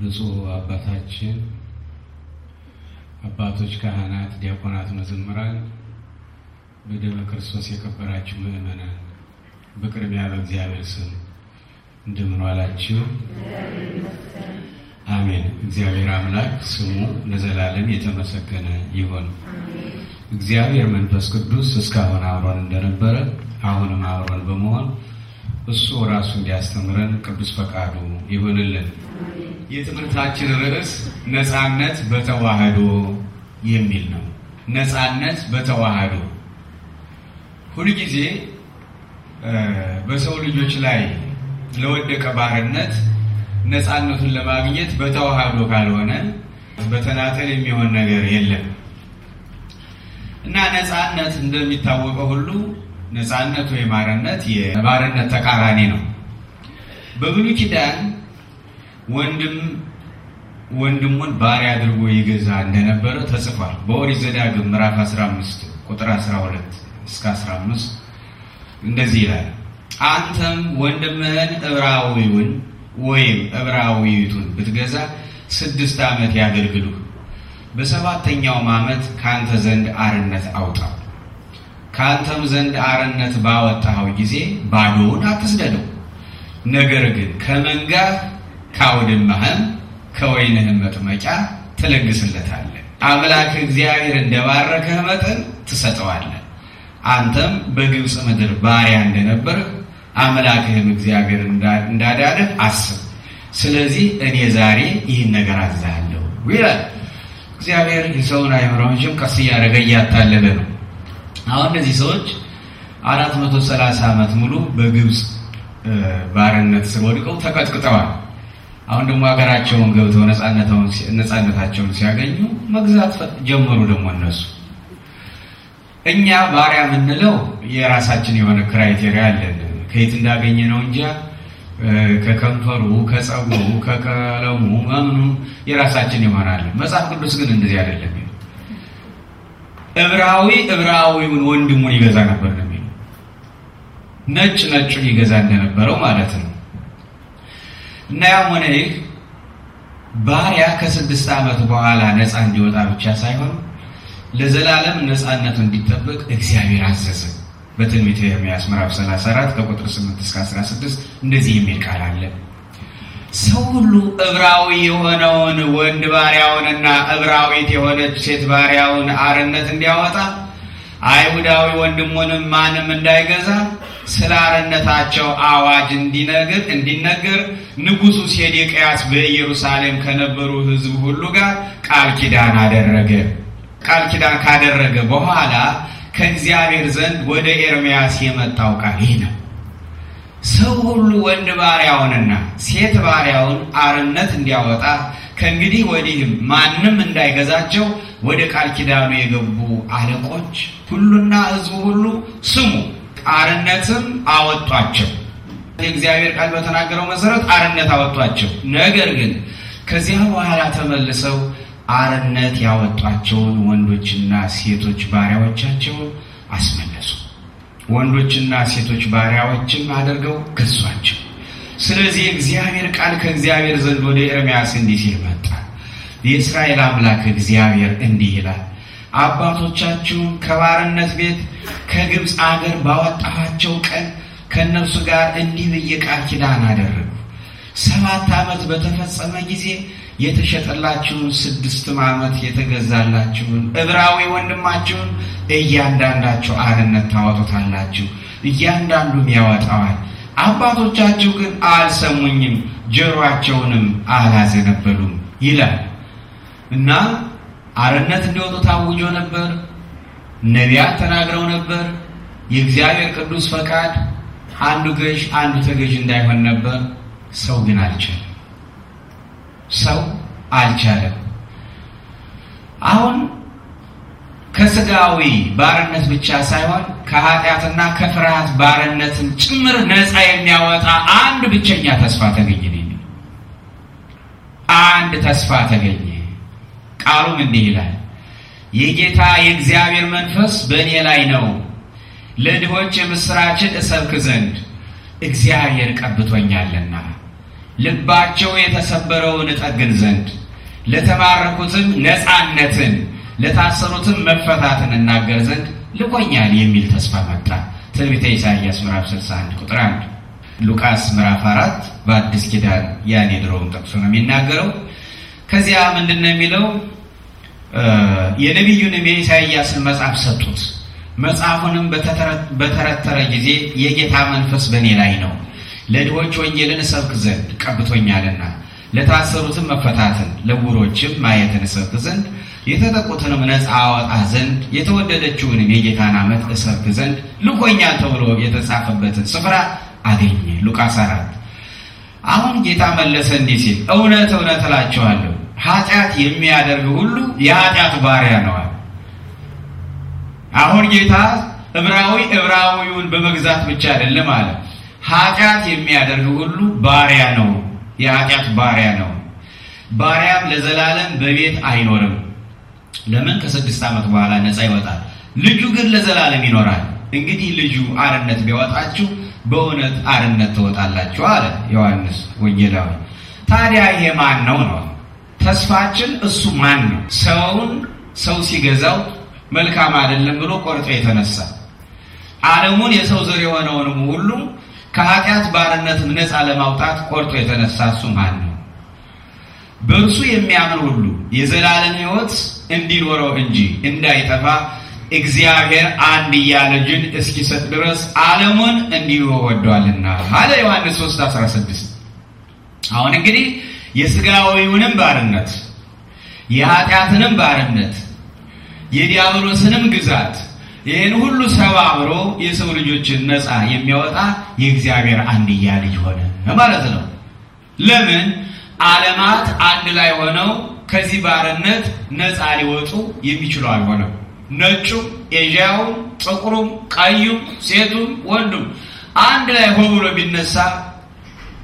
ብፁዕ አባታችን፣ አባቶች፣ ካህናት፣ ዲያቆናት፣ መዘምራን፣ በደመ ክርስቶስ የከበራችሁ ምእመናን በቅድሚያ በእግዚአብሔር ስም እንደምን ዋላችሁ? አሜን። እግዚአብሔር አምላክ ስሙ ለዘላለም የተመሰገነ ይሁን። እግዚአብሔር መንፈስ ቅዱስ እስካሁን አብሮን እንደነበረ አሁንም አብሮን በመሆን እሱ ራሱ እንዲያስተምረን ቅዱስ ፈቃዱ ይሆንልን። የትምህርታችን ርዕስ ነፃነት በተዋህዶ የሚል ነው። ነፃነት በተዋህዶ ሁልጊዜ በሰው ልጆች ላይ ለወደቀ ባርነት ነፃነቱን ለማግኘት በተዋህዶ ካልሆነ በተናጠል የሚሆን ነገር የለም እና ነፃነት እንደሚታወቀው ሁሉ ነፃነት ወይም አርነት የባርነት ተቃራኒ ነው። በብሉይ ኪዳን ወንድም ወንድሙን ባሪያ አድርጎ ይገዛ እንደነበረ ተጽፏል። በኦሪት ዘዳግም ምዕራፍ 15 ቁጥር 12 እስከ 15 እንደዚህ ይላል፣ አንተም ወንድምህን ዕብራዊውን ወይም ዕብራዊቱን ብትገዛ ስድስት ዓመት ያገልግሉህ፣ በሰባተኛውም ዓመት ከአንተ ዘንድ አርነት አውጣው። ከአንተም ዘንድ አርነት ባወጣኸው ጊዜ ባዶውን አትስደደው። ነገር ግን ከመንጋ ከአውድማህም ከወይንህም መጥመቂያ ትለግስለታለህ። አምላክ እግዚአብሔር እንደባረከህ መጠን ትሰጠዋለህ። አንተም በግብፅ ምድር ባሪያ እንደነበርህ አምላክህም እግዚአብሔር እንዳዳነህ አስብ። ስለዚህ እኔ ዛሬ ይህን ነገር አዛለሁ ይላል እግዚአብሔር። የሰውን አእምሮን ቀስ እያደረገ እያታለለ ነው። አሁን እነዚህ ሰዎች 430 መቶ ዓመት ሙሉ በግብፅ ባርነት ስር ወድቀው ተቀጥቅጠዋል። አሁን ደግሞ ሀገራቸውን ገብተው ነፃነታቸውን ሲያገኙ መግዛት ጀመሩ። ደግሞ እነሱ እኛ ባሪያ የምንለው የራሳችን የሆነ ክራይቴሪያ አለን። ከየት እንዳገኘ ነው እንጂ ከከንፈሩ፣ ከፀጉሩ፣ ከቀለሙ ምኑ የራሳችን ይሆናል። መጽሐፍ ቅዱስ ግን እንደዚህ አይደለም። ዕብራዊ ዕብራዊውን ወንድሙን ይገዛ ነበር ነው የሚለው። ነጭ ነጩን ይገዛ እንደነበረው ማለት ነው። እና ያም ሆነ ይህ ባሪያ ከስድስት ዓመት በኋላ ነፃ እንዲወጣ ብቻ ሳይሆን ለዘላለም ነፃነቱ እንዲጠበቅ እግዚአብሔር አዘዘ። በትንቢተ ኤርምያስ ምዕራፍ 34 ከቁጥር 8 እስከ 16 እንደዚህ የሚል ቃል አለ። ሰው ሁሉ እብራዊ የሆነውን ወንድ ባሪያውንና እብራዊት የሆነች ሴት ባሪያውን አርነት እንዲያወጣ አይሁዳዊ ወንድሙንም ማንም እንዳይገዛ ስለ አርነታቸው አዋጅ እንዲነግር እንዲነገር ንጉሡ ሴዴቅያስ በኢየሩሳሌም ከነበሩ ሕዝብ ሁሉ ጋር ቃል ኪዳን አደረገ። ቃል ኪዳን ካደረገ በኋላ ከእግዚአብሔር ዘንድ ወደ ኤርምያስ የመጣው ቃል ይህ ነው። ሰው ሁሉ ወንድ ባሪያውንና ሴት ባሪያውን አርነት እንዲያወጣ ከእንግዲህ ወዲህም ማንም እንዳይገዛቸው ወደ ቃል ኪዳኑ የገቡ አለቆች ሁሉና ሕዝቡ ሁሉ ስሙ፣ አርነትም አወጧቸው። የእግዚአብሔር ቃል በተናገረው መሰረት አርነት አወጧቸው። ነገር ግን ከዚያ በኋላ ተመልሰው አርነት ያወጧቸውን ወንዶችና ሴቶች ባሪያዎቻቸውን አስመለሱ። ወንዶችና ሴቶች ባሪያዎችም አድርገው ገዟቸው። ስለዚህ የእግዚአብሔር ቃል ከእግዚአብሔር ዘንድ ወደ ኤርምያስ እንዲህ ሲል መጣ። የእስራኤል አምላክ እግዚአብሔር እንዲህ ይላል፣ አባቶቻችሁን ከባርነት ቤት ከግብፅ አገር ባወጣኋቸው ቀን ከእነርሱ ጋር እንዲህ ብዬ ቃል ኪዳን አደረግሁ ሰባት ዓመት በተፈጸመ ጊዜ የተሸጠላችሁን ስድስትም ዓመት የተገዛላችሁን ዕብራዊ ወንድማችሁን እያንዳንዳችሁ አርነት ታወጡታላችሁ፣ እያንዳንዱም ያወጣዋል። አባቶቻችሁ ግን አልሰሙኝም፣ ጆሮአቸውንም አላዘነበሉም ይላል እና አርነት እንዲወጡ ታውጆ ነበር። ነቢያት ተናግረው ነበር። የእግዚአብሔር ቅዱስ ፈቃድ አንዱ ገዥ አንዱ ተገዥ እንዳይሆን ነበር። ሰው ግን አልቻለም። ሰው አልቻለም። አሁን ከስጋዊ ባርነት ብቻ ሳይሆን ከኃጢአትና ከፍርሃት ባርነትን ጭምር ነፃ የሚያወጣ አንድ ብቸኛ ተስፋ ተገኘ። አንድ ተስፋ ተገኘ። ቃሉም እንዲህ ይላል፣ የጌታ የእግዚአብሔር መንፈስ በእኔ ላይ ነው፣ ለድሆች የምስራችን እሰብክ ዘንድ እግዚአብሔር ቀብቶኛልና ልባቸው የተሰበረውን እጠግን ዘንድ ለተማረኩትም ነፃነትን ለታሰሩትም መፈታትን እናገር ዘንድ ልኮኛል የሚል ተስፋ መጣ። ትንቢተ ኢሳይያስ ምዕራፍ 61 ቁጥር 1። ሉቃስ ምዕራፍ 4 በአዲስ ኪዳን ያን የድሮውን ጠቅሶ ነው የሚናገረው። ከዚያ ምንድን ነው የሚለው? የነቢዩንም የኢሳይያስን መጽሐፍ ሰጡት። መጽሐፉንም በተረተረ ጊዜ የጌታ መንፈስ በእኔ ላይ ነው ለድሆች ወንጌልን እሰብክ ዘንድ ቀብቶኛልና ለታሰሩትም መፈታትን ለዕውሮችም ማየትን እሰብክ ዘንድ የተጠቁትንም ነፃ አወጣ ዘንድ የተወደደችውንም የጌታን ዓመት እሰብክ ዘንድ ልኮኛል ተብሎ የተጻፈበትን ስፍራ አገኘ። ሉቃስ አራት አሁን ጌታ መለሰ እንዲህ ሲል እውነት እውነት እላቸዋለሁ ኃጢአት የሚያደርግ ሁሉ የኃጢአት ባሪያ ነዋል። አሁን ጌታ ዕብራዊ ዕብራዊውን በመግዛት ብቻ አይደለም ማለት ኃጢአት የሚያደርግ ሁሉ ባሪያ ነው፣ የኃጢአት ባሪያ ነው። ባሪያም ለዘላለም በቤት አይኖርም። ለምን? ከስድስት ዓመት በኋላ ነፃ ይወጣል። ልጁ ግን ለዘላለም ይኖራል። እንግዲህ ልጁ አርነት ቢያወጣችሁ በእውነት አርነት ትወጣላችሁ አለ ዮሐንስ ወንጌላዊ። ታዲያ ይሄ ማን ነው ነው? ተስፋችን እሱ ማን ነው? ሰውን ሰው ሲገዛው መልካም አይደለም ብሎ ቆርጦ የተነሳ ዓለሙን የሰው ዘር የሆነውንም ሁሉ ከኃጢአት ባርነት ነፃ ለማውጣት ቆርጦ የተነሳ እሱ ማን ነው? በእርሱ የሚያምን ሁሉ የዘላለም ሕይወት እንዲኖረው እንጂ እንዳይጠፋ እግዚአብሔር አንድያ ልጁን እስኪሰጥ ድረስ ዓለሙን እንዲሁ ወዷልና አለ ዮሐንስ 3 16 አሁን እንግዲህ የስጋዊውንም ባርነት የኃጢአትንም ባርነት የዲያብሎስንም ግዛት ይህን ሁሉ ሰባብሮ የሰው ልጆችን ነፃ የሚያወጣ የእግዚአብሔር አንድያ ልጅ ሆነ ማለት ነው። ለምን ዓለማት አንድ ላይ ሆነው ከዚህ ባርነት ነፃ ሊወጡ የሚችሉ አልሆነም። ነጩም፣ ኤዥያውም፣ ጥቁሩም፣ ቀዩም፣ ሴቱም፣ ወንዱም አንድ ላይ ሆኖ ብሎ ቢነሳ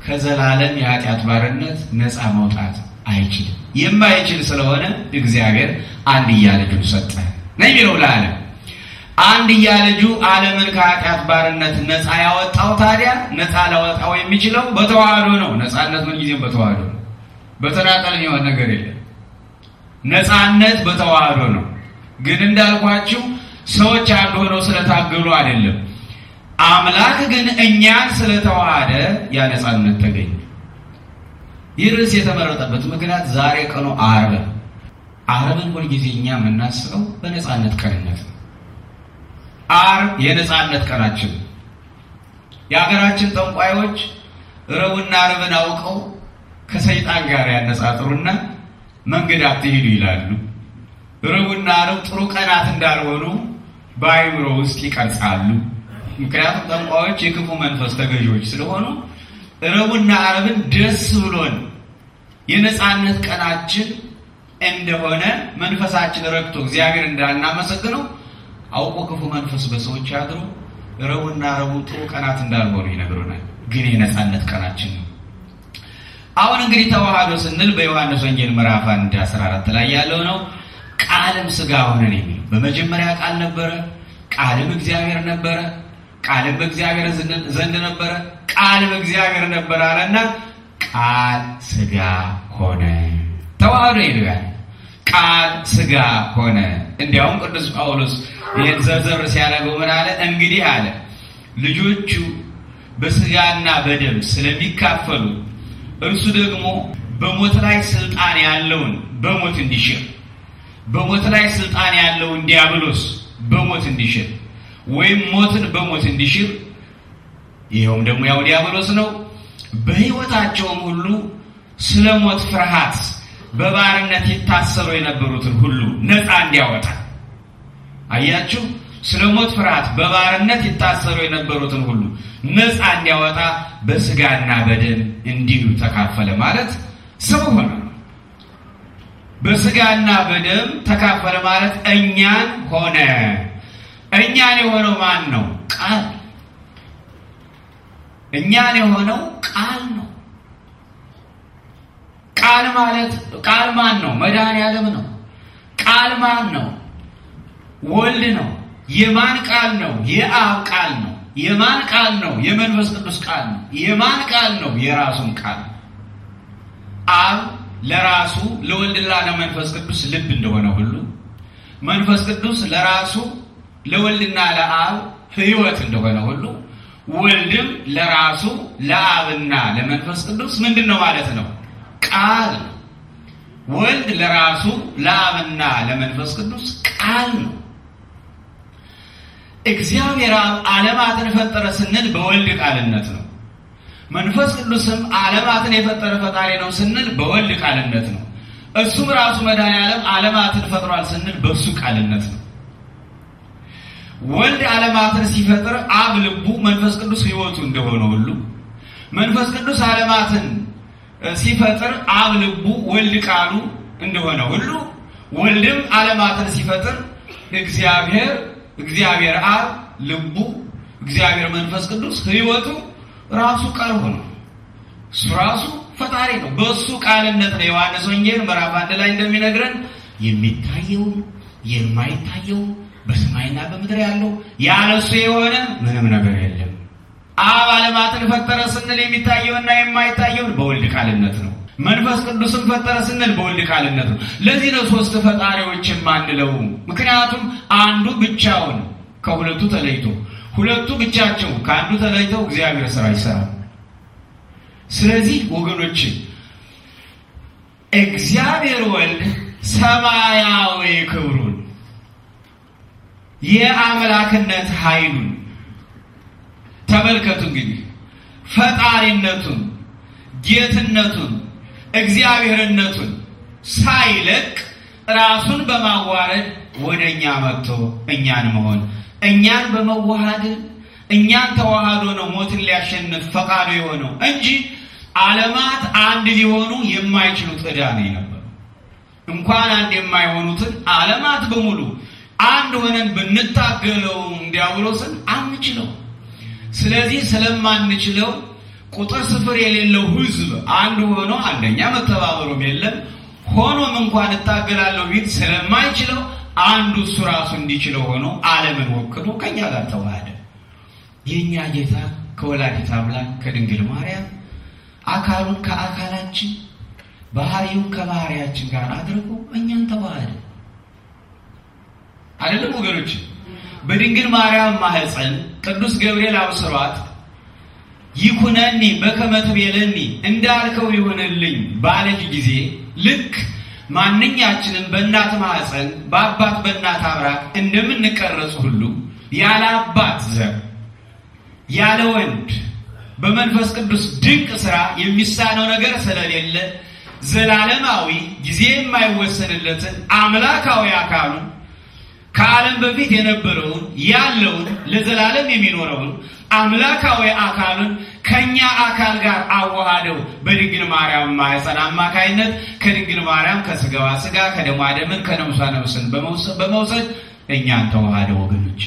ከዘላለም የኃጢአት ባርነት ነፃ መውጣት አይችልም። የማይችል ስለሆነ እግዚአብሔር አንድያ ልጁን ሰጠ ነው የሚለው ለዓለም አንድያ ልጁ ዓለምን ከኃጢአት ባርነት ነፃ ያወጣው ታዲያ ነፃ ላወጣው የሚችለው በተዋህዶ ነው። ነፃነት ምንጊዜም በተዋህዶ ነው። በተናጠል የሚሆን ነገር የለም። ነፃነት በተዋህዶ ነው። ግን እንዳልኳችሁ ሰዎች አንድ ሆነው ስለታገሉ አይደለም። አምላክ ግን እኛን ስለተዋሃደ ያ ነፃነት ተገኘ። ይህ ርዕስ የተመረጠበት ምክንያት ዛሬ ቀኑ ዓርብ፣ ዓርብን ሁልጊዜ እኛ የምናስበው በነፃነት ቀንነት ነው አርብ የነፃነት ቀናችን። የሀገራችን ጠንቋዮች ረቡና ረብን አውቀው ከሰይጣን ጋር ያነጻጥሩና መንገድ አትሄዱ ይላሉ። ረቡዕና ረብ ጥሩ ቀናት እንዳልሆኑ በአእምሮ ውስጥ ይቀርጻሉ። ምክንያቱም ጠንቋዮች የክፉ መንፈስ ተገዢዎች ስለሆኑ ረቡዕና ረብን ደስ ብሎን የነፃነት ቀናችን እንደሆነ መንፈሳችን ረግቶ እግዚአብሔር እንዳናመሰግነው አውቆ ክፉ መንፈስ በሰዎች አድሮ ረቡዕና ረቡ ጥሩ ቀናት እንዳልሆኑ ይነግሩናል። ግን የነፃነት ቀናችን ነው። አሁን እንግዲህ ተዋህዶ ስንል በዮሐንስ ወንጌል ምዕራፍ 1 14 ላይ ያለው ነው። ቃልም ስጋ ሆነን የሚለው በመጀመሪያ ቃል ነበረ፣ ቃልም እግዚአብሔር ነበረ፣ ቃልም በእግዚአብሔር ዘንድ ነበረ፣ ቃልም እግዚአብሔር ነበረ አለና ቃል ስጋ ሆነ ተዋህዶ ይለዋል። ቃል ስጋ ሆነ። እንዲያውም ቅዱስ ጳውሎስ ይህን ዘርዘር ሲያደርገው ምን አለ? እንግዲህ አለ ልጆቹ በስጋና በደም ስለሚካፈሉ እርሱ ደግሞ በሞት ላይ ስልጣን ያለውን በሞት እንዲሽር በሞት ላይ ስልጣን ያለውን ዲያብሎስ በሞት እንዲሽር ወይም ሞትን በሞት እንዲሽር ይኸውም ደግሞ ያው ዲያብሎስ ነው። በሕይወታቸውም ሁሉ ስለ ሞት ፍርሃት በባርነት ይታሰሩ የነበሩትን ሁሉ ነፃ እንዲያወጣ አያችሁ። ስለ ሞት ፍርሃት በባርነት ይታሰሩ የነበሩትን ሁሉ ነፃ እንዲያወጣ በስጋና በደም እንዲሉ ተካፈለ ማለት ሰው ሆነ። በስጋና በደም ተካፈለ ማለት እኛን ሆነ። እኛን የሆነው ማን ነው? ቃል። እኛን የሆነው ቃል ነው። ቃል ማለት ቃል ማን ነው? መድኃኔ ነው። ቃል ማን ነው? ወልድ ነው። የማን ቃል ነው? የአብ ቃል ነው። የማን ቃል ነው? የመንፈስ ቅዱስ ቃል ነው። የማን ቃል ነው? የራሱን ቃል ነው። አብ ለራሱ ለወልድና ለመንፈስ ቅዱስ ልብ እንደሆነ ሁሉ መንፈስ ቅዱስ ለራሱ ለወልድና ለአብ ሕይወት እንደሆነ ሁሉ ወልድም ለራሱ ለአብና ለመንፈስ ቅዱስ ምንድን ነው ማለት ነው? ቃል ነው። ወልድ ለራሱ ለአብና ለመንፈስ ቅዱስ ቃል ነው። እግዚአብሔር አብ ዓለማትን ፈጠረ ስንል በወልድ ቃልነት ነው። መንፈስ ቅዱስም ዓለማትን የፈጠረ ፈጣሪ ነው ስንል በወልድ ቃልነት ነው። እሱም ራሱ መድኃኔዓለም ዓለማትን ፈጥሯል ስንል በእሱ ቃልነት ነው። ወልድ ዓለማትን ሲፈጥር አብ ልቡ መንፈስ ቅዱስ ሕይወቱ እንደሆነ ሁሉ መንፈስ ቅዱስ ዓለማትን ሲፈጥር አብ ልቡ ወልድ ቃሉ እንደሆነ ሁሉ ወልድም ዓለማትን ሲፈጥር እግዚአብሔር እግዚአብሔር አብ ልቡ እግዚአብሔር መንፈስ ቅዱስ ህይወቱ ራሱ ቃል ሆነ። እሱ ራሱ ፈጣሪ ነው። በእሱ ቃልነት ነው ዮሐንስ ወንጌል ምዕራፍ አንድ ላይ እንደሚነግረን የሚታየው የማይታየው በሰማይና በምድር ያለው ያለሱ የሆነ ምንም ነገር የለም። አብ ዓለማትን ፈጠረ ስንል የሚታየውና የማይታየውን በወልድ ቃልነት ነው። መንፈስ ቅዱስን ፈጠረ ስንል በወልድ ቃልነት ነው። ለዚህ ነው ሶስት ፈጣሪዎች የማንለው። ምክንያቱም አንዱ ብቻውን ከሁለቱ ተለይቶ፣ ሁለቱ ብቻቸው ከአንዱ ተለይተው እግዚአብሔር ስራ ይሰራል። ስለዚህ ወገኖች እግዚአብሔር ወልድ ሰማያዊ ክብሩን የአምላክነት ኃይሉን ተመልከቱ እንግዲህ ፈጣሪነቱን፣ ጌትነቱን፣ እግዚአብሔርነቱን ሳይለቅ ራሱን በማዋረድ ወደ እኛ መጥቶ እኛን መሆን እኛን በመዋሃድ እኛን ተዋህዶ ነው ሞትን ሊያሸንፍ ፈቃዱ የሆነው እንጂ ዓለማት አንድ ሊሆኑ የማይችሉት ዕዳ ነው የነበረው። እንኳን አንድ የማይሆኑትን ዓለማት በሙሉ አንድ ሆነን ብንታገለው ዲያብሎስን አንችለው። ስለዚህ ስለማንችለው ቁጥር ስፍር የሌለው ህዝብ አንድ ሆኖ አንደኛ መተባበሩም የለም ሆኖም እንኳን እታገላለሁ ቢል ስለማይችለው አንዱ እሱ ራሱ እንዲችለው ሆኖ ዓለምን ወክሎ ከኛ ጋር ተዋሃደ። የእኛ ጌታ ከወላዲተ አምላክ ከድንግል ማርያም አካሉን ከአካላችን ባህሪውን ከባህሪያችን ጋር አድርጎ እኛን ተዋሃደ። አይደለም ወገኖችን በድንግል ማርያም ማህፀን ቅዱስ ገብርኤል አብስሯት ይኩነኒ በከመ ትቤለኒ እንዳልከው ይሆንልኝ ባለች ጊዜ ልክ ማንኛችንም በእናት ማህፀን በአባት በእናት አብራክ እንደምንቀረጽ ሁሉ ያለ አባት ዘር ያለ ወንድ በመንፈስ ቅዱስ ድንቅ ስራ የሚሳነው ነገር ስለሌለ ዘላለማዊ ጊዜ የማይወሰንለትን አምላካዊ አካሉ ከዓለም በፊት የነበረውን ያለውን ለዘላለም የሚኖረውን አምላካዊ አካሉን ከኛ አካል ጋር አዋሃደው በድንግል ማርያም ማኅፀን አማካይነት ከድንግል ማርያም ከስጋዋ ስጋ ከደሟ ደምን ከነፍሷ ነፍስን በመውሰድ እኛን ተዋሃደ። ወገኖች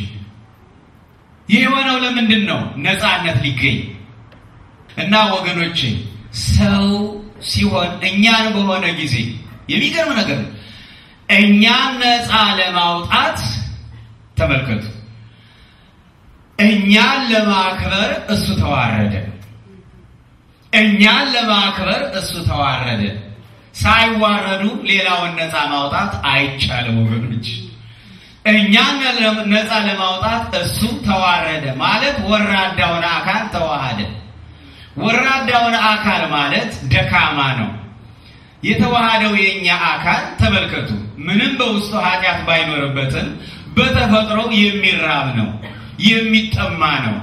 ይህ የሆነው ለምንድን ነው? ነፃነት ሊገኝ እና ወገኖች ሰው ሲሆን እኛን በሆነ ጊዜ የሚገርም ነገር ነው። እኛን ነፃ ለማውጣት ተመልከቱ፣ እኛን ለማክበር እሱ ተዋረደ። እኛን ለማክበር እሱ ተዋረደ። ሳይዋረዱ ሌላውን ነፃ ማውጣት አይቻልም ወገኖች። እኛን ነፃ ለማውጣት እሱ ተዋረደ ማለት ወራዳውን አካል ተዋሃደ። ወራዳውን አካል ማለት ደካማ ነው። የተዋሃደው የእኛ አካል ተመልከቱ፣ ምንም በውስጡ ኃጢአት ባይኖርበትም በተፈጥሮ የሚራብ ነው፣ የሚጠማ ነው፣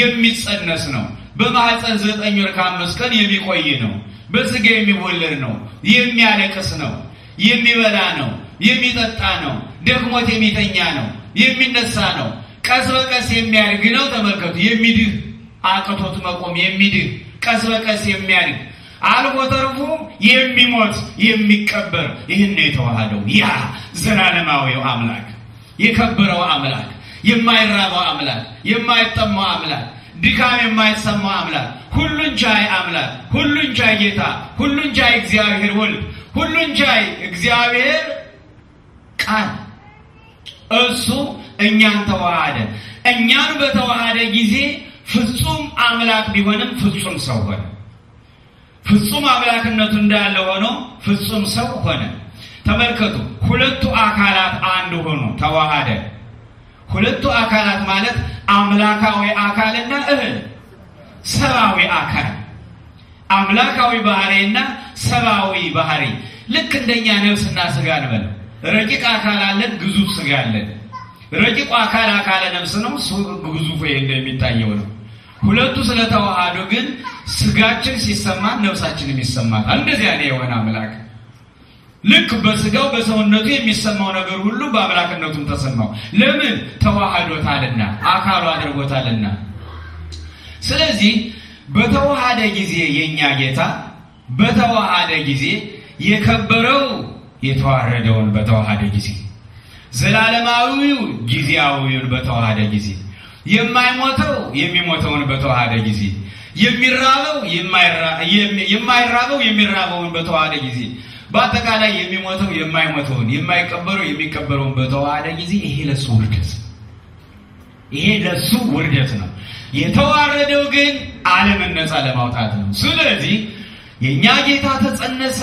የሚጸነስ ነው፣ በማህፀን ዘጠኝ ወር ከአምስት ቀን የሚቆይ ነው፣ በስጋ የሚወለድ ነው፣ የሚያለቅስ ነው፣ የሚበላ ነው፣ የሚጠጣ ነው፣ ደክሞት የሚተኛ ነው፣ የሚነሳ ነው፣ ቀስ በቀስ የሚያድግ ነው። ተመልከቱ፣ የሚድህ አቅቶት መቆም የሚድህ ቀስ በቀስ የሚያድግ አልፎ ተርፎ የሚሞት የሚቀበር ይህን ነው የተዋሃደው። ያ ዘላለማዊው አምላክ የከበረው አምላክ የማይራበው አምላክ የማይጠማው አምላክ ድካም የማይሰማው አምላክ ሁሉን ቻይ አምላክ ሁሉን ቻይ ጌታ ሁሉን ቻይ እግዚአብሔር ወልድ ሁሉን ቻይ እግዚአብሔር ቃል እሱ እኛን ተዋሃደ። እኛን በተዋሃደ ጊዜ ፍጹም አምላክ ቢሆንም ፍጹም ሰው ሆነ። ፍጹም አምላክነቱ እንዳለ ሆኖ ፍጹም ሰው ሆነ። ተመልከቱ፣ ሁለቱ አካላት አንድ ሆኑ፣ ተዋሃደ። ሁለቱ አካላት ማለት አምላካዊ አካልና እህል ሰብአዊ አካል አምላካዊ ባህሪና ሰብአዊ ባህሪ ልክ እንደኛ ነብስና ስጋ እንበል። ረቂቅ አካል አለን፣ ግዙፍ ስጋ አለን። ረቂቁ አካል አካለ ነብስ ነው፣ ይሄ እንደሚታየው ነው። ሁለቱ ስለተዋሃዱ ግን ስጋችን ሲሰማ ነፍሳችንም ይሰማታል። እንደዚህ ያለ የሆነ አምላክ ልክ በስጋው በሰውነቱ የሚሰማው ነገር ሁሉ በአምላክነቱም ተሰማው። ለምን? ተዋህዶታልና አካሉ አድርጎታልና። ስለዚህ በተዋሃደ ጊዜ የእኛ ጌታ በተዋሃደ ጊዜ የከበረው የተዋረደውን በተዋሃደ ጊዜ ዘላለማዊው ጊዜያዊውን በተዋሃደ ጊዜ የማይሞተው የሚሞተውን በተዋሃደ ጊዜ የሚራበው የማይራበው የሚራበውን በተዋሃደ ጊዜ በአጠቃላይ የሚሞተው የማይሞተውን የማይቀበረው የሚቀበረውን በተዋሃደ ጊዜ ይሄ ለሱ ውርደት ይሄ ለሱ ውርደት ነው። የተዋረደው ግን ዓለምን ነፃ ለማውጣት ነው። ስለዚህ የእኛ ጌታ ተጸነሰ፣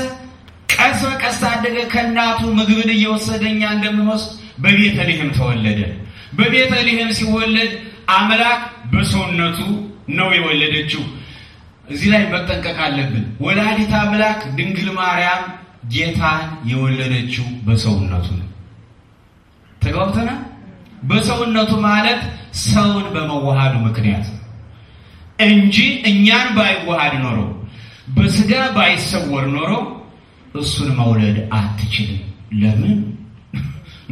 ቀስ በቀስ አደገ። ከእናቱ ምግብን እየወሰደ እኛ እንደምንወስድ በቤተልሔም ተወለደ። በቤተልሔም ሲወለድ አምላክ በሰውነቱ ነው የወለደችው። እዚህ ላይ መጠንቀቅ አለብን። ወላዲት አምላክ ድንግል ማርያም ጌታን የወለደችው በሰውነቱ ነው። ተግባብተናል። በሰውነቱ ማለት ሰውን በመዋሃዱ ምክንያት እንጂ እኛን ባይዋሃድ ኖሮ በስጋ ባይሰወር ኖሮ እሱን መውለድ አትችልም። ለምን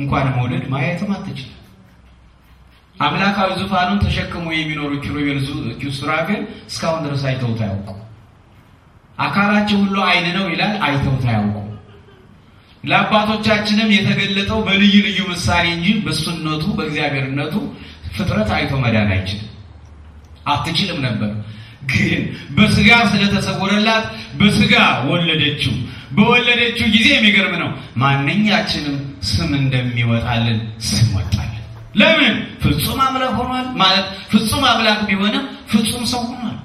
እንኳን መውለድ ማየትም አትችልም። አምላካዊ ዙፋኑን ተሸክሞ የሚኖሩ ኪሩቤል ሱራፌል እስካሁን ድረስ አይተውት አያውቁ። አካላቸው ሁሉ አይን ነው ይላል፣ አይተውት አያውቁ። ለአባቶቻችንም የተገለጠው በልዩ ልዩ ምሳሌ እንጂ በሱነቱ በእግዚአብሔርነቱ ፍጥረት አይቶ መዳን አይችልም፣ አትችልም ነበር። ግን በስጋ ስለተሰወረላት በስጋ ወለደችው። በወለደችው ጊዜ የሚገርም ነው። ማንኛችንም ስም እንደሚወጣልን ስም ወጣል። ለምን ፍጹም አምላክ ሆኗል? ማለት ፍጹም አምላክ ቢሆንም ፍጹም ሰው ሆኗል።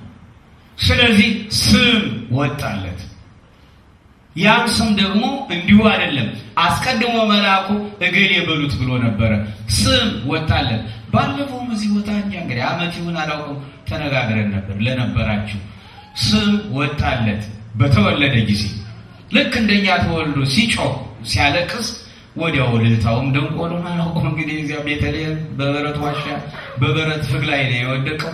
ስለዚህ ስም ወጣለት። ያም ስም ደግሞ እንዲሁ አይደለም። አስቀድሞ መልአኩ እገሌ በሉት ብሎ ነበረ። ስም ወጣለት። ባለፈውም እዚህ ቦታ እንጃ እንግዲህ ዓመት ይሁን አላውቅም ተነጋግረን ነበር። ለነበራችሁ ስም ወጣለት። በተወለደ ጊዜ ልክ እንደኛ ተወልዶ ሲጮህ ሲያለቅስ ወዲያው ልልታውም ደንቆሮ አላውቀውም። እንግዲህ እዚያ ቤተልሔም በበረት ዋሻ በበረት ፍግ ላይ ነው የወደቀው።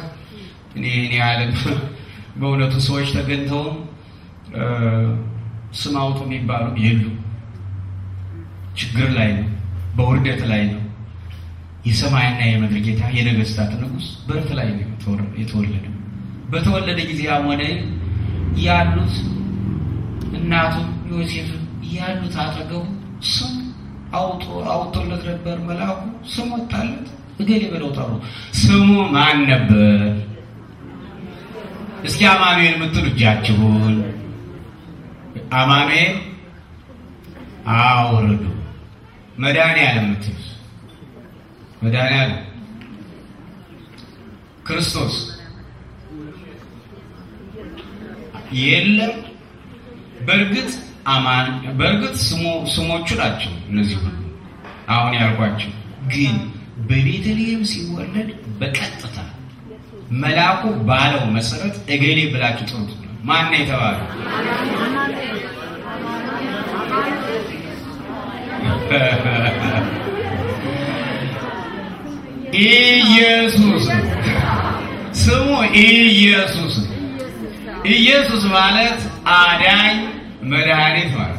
እኔ እኔ አለም በእውነቱ ሰዎች ተገኝተውም ስም አውጡ የሚባሉ የሉ። ችግር ላይ ነው፣ በውርደት ላይ ነው። የሰማይና የምድር ጌታ የነገስታት ንጉስ በረት ላይ ነው የተወለደ። በተወለደ ጊዜ አሞነ ያሉት እናቱ ዮሴፍ ያሉት አጠገቡ ስም አውጦ አውጥቶለት ነበር መልአኩ። ስሙ ታለት እገሌ ብለው ጠሩ። ስሙ ማን ነበር? እስኪ አማኑኤል የምትሉ እጃችሁን አማኑኤል አውርዱ። መድኃኒዓለም የምትሉ መድኃኒዓለም ክርስቶስ የለም በእርግጥ አማን በእርግጥ ስሞቹ ናቸው እነዚህ ሁሉ አሁን ያልኳቸው። ግን በቤተልሔም ሲወለድ በቀጥታ መልአኩ ባለው መሰረት እገሌ ብላችሁ ጥሩት። ማነው የተባለ ኢየሱስ ስሙ ኢየሱስ። ኢየሱስ ማለት አዳኝ መድኃኒት ማለት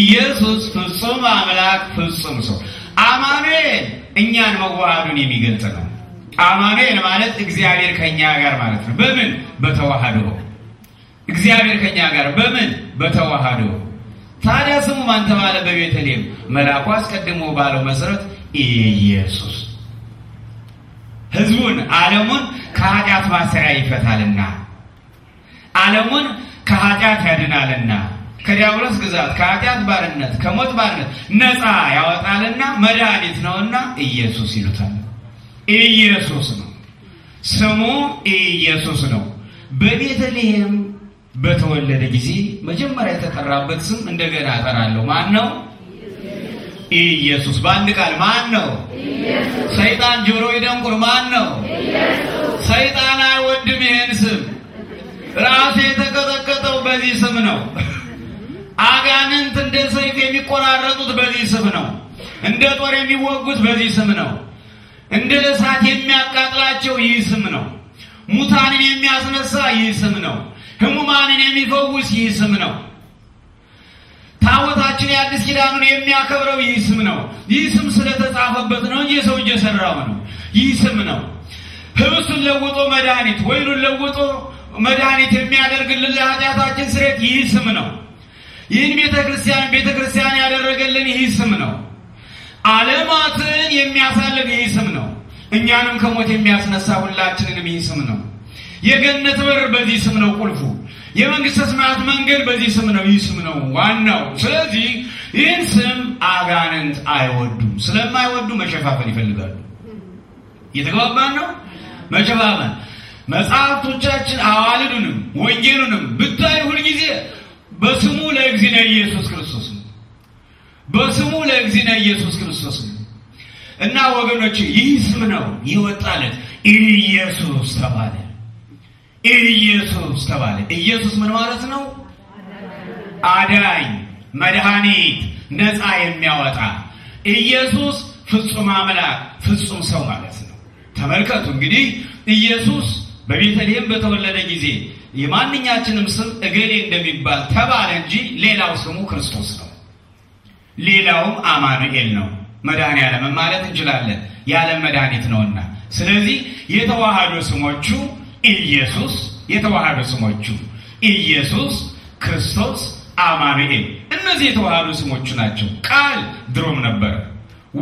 ኢየሱስ ፍጹም አምላክ ፍጹም ሰው አማኑኤል እኛን መዋሃዱን የሚገልጽ ነው። አማኑኤል ማለት እግዚአብሔር ከኛ ጋር ማለት ነው። በምን በተዋህዶ እግዚአብሔር ከኛ ጋር በምን በተዋህዶ ታዲያ ስሙ ማን ተባለ? በቤተልሔም መልአኩ አስቀድሞ ባለው መሰረት ኢየሱስ ህዝቡን ዓለሙን ከኃጢአት ማሰሪያ ይፈታልና ዓለሙን ከኃጢአት ያድናልና ከዲያብሎስ ግዛት ከኃጢአት ባርነት ከሞት ባርነት ነፃ ያወጣልና መድኃኒት ነውና ኢየሱስ ይሉታል። ኢየሱስ ነው ስሙ፣ ኢየሱስ ነው። በቤተልሔም በተወለደ ጊዜ መጀመሪያ የተጠራበት ስም እንደገና እጠራለሁ። ማን ነው? ኢየሱስ። በአንድ ቃል ማን ነው? ሰይጣን ጆሮ ይደንቁር። ማን ነው? ሰይጣን አይወድም ይሄን ስም ራሴ የተቀጠቀጠው በዚህ ስም ነው። አጋንንት እንደ ሰይፍ የሚቆራረጡት በዚህ ስም ነው። እንደ ጦር የሚወጉት በዚህ ስም ነው። እንደ እሳት የሚያቃጥላቸው ይህ ስም ነው። ሙታንን የሚያስነሳ ይህ ስም ነው። ህሙማንን የሚፈውስ ይህ ስም ነው። ታቦታችን የአዲስ ኪዳኑን የሚያከብረው ይህ ስም ነው። ይህ ስም ስለተጻፈበት ነው እንጂ ሰው እየሰራው ነው። ይህ ስም ነው። ህብስቱን ለውጦ መድኃኒት፣ ወይኑን ለውጦ መድኃኒት የሚያደርግልን ለኃጢአታችን ስሬት ይህ ስም ነው። ይህን ቤተ ክርስቲያን ቤተ ክርስቲያን ያደረገልን ይህ ስም ነው። ዓለማትን የሚያሳልፍ ይህ ስም ነው። እኛንም ከሞት የሚያስነሳ ሁላችንንም ይህ ስም ነው። የገነት በር በዚህ ስም ነው ቁልፉ። የመንግስት ሰማያት መንገድ በዚህ ስም ነው። ይህ ስም ነው ዋናው። ስለዚህ ይህን ስም አጋንንት አይወዱም። ስለማይወዱ መሸፋፈን ይፈልጋሉ። እየተግባባን ነው። መሸፋፈን መጽሐፍቶቻችን አዋልዱንም ወንጌሉንም ብታይ ሁልጊዜ በስሙ ለእግዚእነ ኢየሱስ ክርስቶስ ነው። በስሙ ለእግዚእነ ኢየሱስ ክርስቶስ ነው እና ወገኖች ይህ ስም ነው ይወጣለት ኢየሱስ ተባለ። ኢየሱስ ተባለ። ኢየሱስ ምን ማለት ነው? አዳኝ፣ መድኃኒት፣ ነፃ የሚያወጣ ኢየሱስ ፍጹም አምላክ፣ ፍጹም ሰው ማለት ነው። ተመልከቱ እንግዲህ ኢየሱስ በቤተልሔም በተወለደ ጊዜ የማንኛችንም ስም እገሌ እንደሚባል ተባለ እንጂ ሌላው ስሙ ክርስቶስ ነው። ሌላውም አማኑኤል ነው። መድኃኔ ዓለምን ማለት እንችላለን፣ የዓለም መድኃኒት ነውና። ስለዚህ የተዋሃዱ ስሞቹ ኢየሱስ፣ የተዋሃዱ ስሞቹ ኢየሱስ ክርስቶስ፣ አማኑኤል እነዚህ የተዋሃዱ ስሞቹ ናቸው። ቃል ድሮም ነበረ፣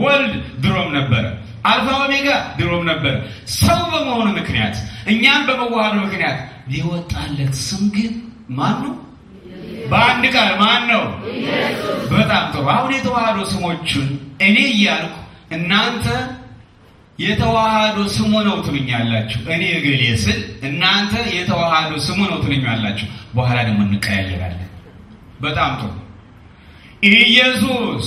ወልድ ድሮም ነበረ አልፋ ኦሜጋ ድሮም ነበር። ሰው በመሆኑ ምክንያት እኛም በመዋሃዱ ምክንያት የወጣለት ስም ግን ማን ነው? በአንድ ቃል ማን ነው? በጣም ጥሩ። አሁን የተዋህዶ ስሞቹን እኔ እያልኩ እናንተ የተዋህዶ ስሙ ነው ትሉኛላችሁ። እኔ እገሌ ስል እናንተ የተዋህዶ ስሙ ነው ትሉኛላችሁ። በኋላ ደግሞ እንቀያየራለን። በጣም ጥሩ ኢየሱስ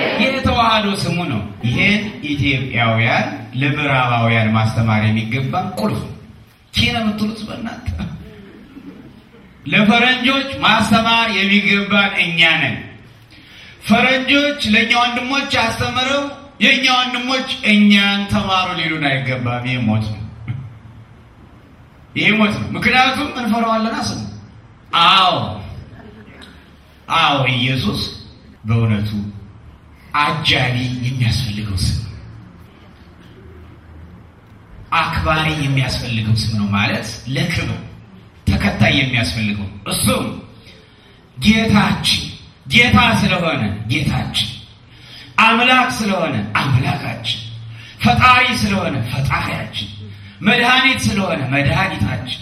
ተዋህዶ ስሙ ነው። ይህን ኢትዮጵያውያን ለምዕራባውያን ማስተማር የሚገባ ቁልፍ ኪነ የምትሉት በእናት ለፈረንጆች ማስተማር የሚገባን እኛ ነን። ፈረንጆች ለእኛ ወንድሞች አስተምረው የእኛ ወንድሞች እኛን ተማሩ ሊሉን አይገባም። ይህ ሞት ነው። ይህ ሞት ነው። ምክንያቱም እንፈራዋለና ስሙ። አዎ አዎ፣ ኢየሱስ በእውነቱ አጃቢ የሚያስፈልገው ስም አክባሪ የሚያስፈልገው ስም ነው። ማለት ለክብ ተከታይ የሚያስፈልገው እሱ ጌታችን ጌታ ስለሆነ ጌታችን፣ አምላክ ስለሆነ አምላካችን፣ ፈጣሪ ስለሆነ ፈጣሪያችን፣ መድኃኒት ስለሆነ መድኃኒታችን፣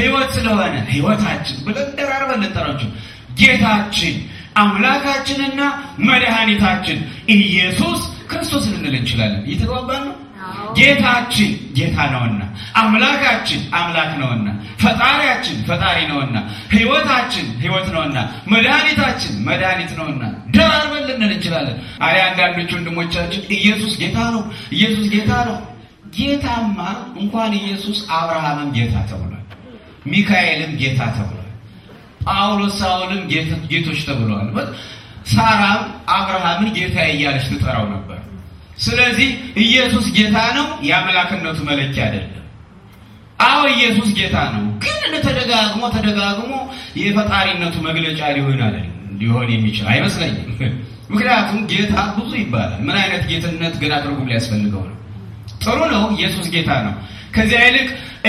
ህይወት ስለሆነ ህይወታችን ብለን ደራርበን ልንጠራቸው ጌታችን አምላካችንና መድኃኒታችን ኢየሱስ ክርስቶስ ልንል እንችላለን። እየተግባባን ነው። ጌታችን ጌታ ነውና፣ አምላካችን አምላክ ነውና፣ ፈጣሪያችን ፈጣሪ ነውና፣ ህይወታችን ህይወት ነውና፣ መድኃኒታችን መድኃኒት ነውና ደራርበን ልንል እንችላለን። አሊያ አንዳንዶች ወንድሞቻችን ኢየሱስ ጌታ ነው፣ ኢየሱስ ጌታ ነው። ጌታማ እንኳን ኢየሱስ አብርሃምም ጌታ ተብሏል፣ ሚካኤልም ጌታ ተብሏል። ጳውሎስ ሳውልም ጌቶች ተብለዋል። ሳራም አብርሃምን ጌታ እያለች ትጠራው ነበር። ስለዚህ ኢየሱስ ጌታ ነው፣ የአምላክነቱ መለኪያ አይደለም። አዎ ኢየሱስ ጌታ ነው፣ ግን ተደጋግሞ ተደጋግሞ የፈጣሪነቱ መግለጫ ሊሆን አይደለም ሊሆን የሚችል አይመስለኝም። ምክንያቱም ጌታ ብዙ ይባላል። ምን አይነት ጌትነት ግን አድርጉም ሊያስፈልገው ነው? ጥሩ ነው፣ ኢየሱስ ጌታ ነው። ከዚያ ይልቅ